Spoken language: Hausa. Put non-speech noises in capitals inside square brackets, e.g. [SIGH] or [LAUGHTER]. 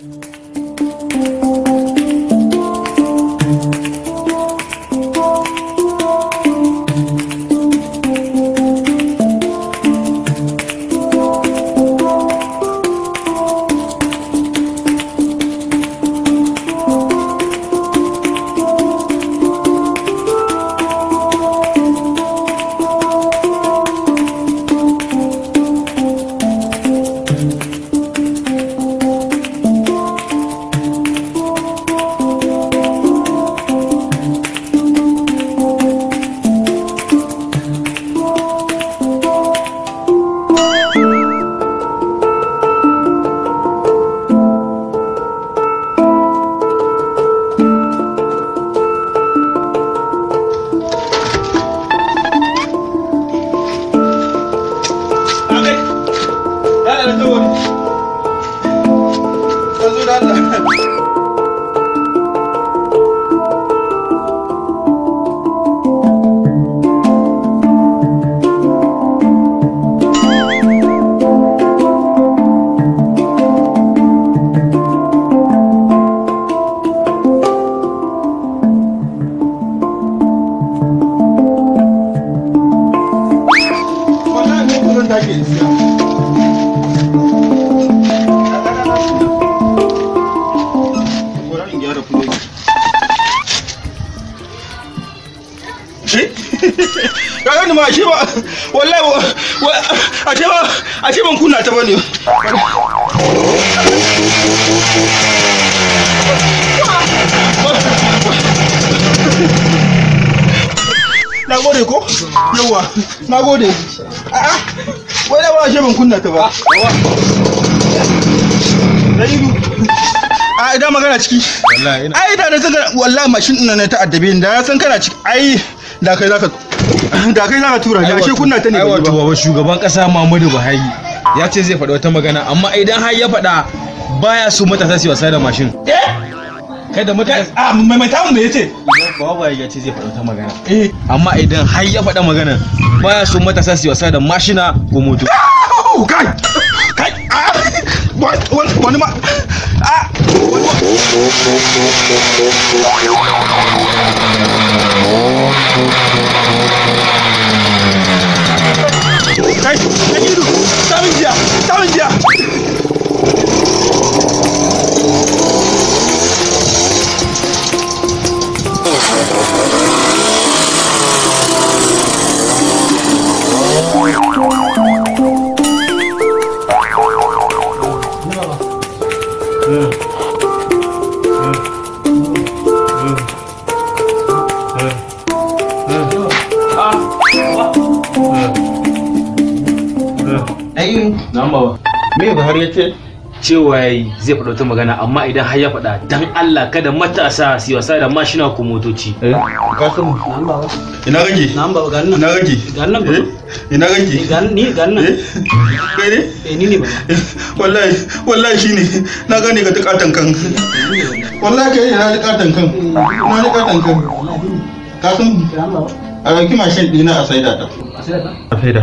Thank you. kaga [LAUGHS] ma ashe ashe ba ashe ban kunna ta bane gode ko Yawwa, na gode a'a wai da ba shi ban kunna ta ba a idan magana ciki Wallahi ai da na saka wallahi mashin ina na ta addabi ni da na san kana ciki ai da kai zaka da kai zaka tura ni ashe kunna ta ne ba baba shugaban kasa Muhammadu Buhari ya ce zai faɗi wata magana amma idan har ya faɗa baya so matasa su wasa da mashin eh kai da mutane a ah, mai tamu me yace baba ya ce zai faɗa magana eh amma idan har ya faɗa magana baya so matasa su wasa da mashina ko moto kai kai ah! wani ma ah! kai kai ido samun jiya Hey, Number. Me, how do you cewa yayi zai faɗa wata magana amma idan har ya faɗa dan Allah kada matasa su wasa da mashina ko motoci Eh, ka san nan ba ina gangi nan ba ga nan ina gangi ga nan ba eh? ina gangi eh, ga nan ni ga nan eh? kai ne eh ni ne ba [LAUGHS] wallahi wallahi shine na gane ka tukatan kan wallahi kai ina tukatan kan ina tukatan kan ka san a ɗauki mashin ɗina a saida ta a saida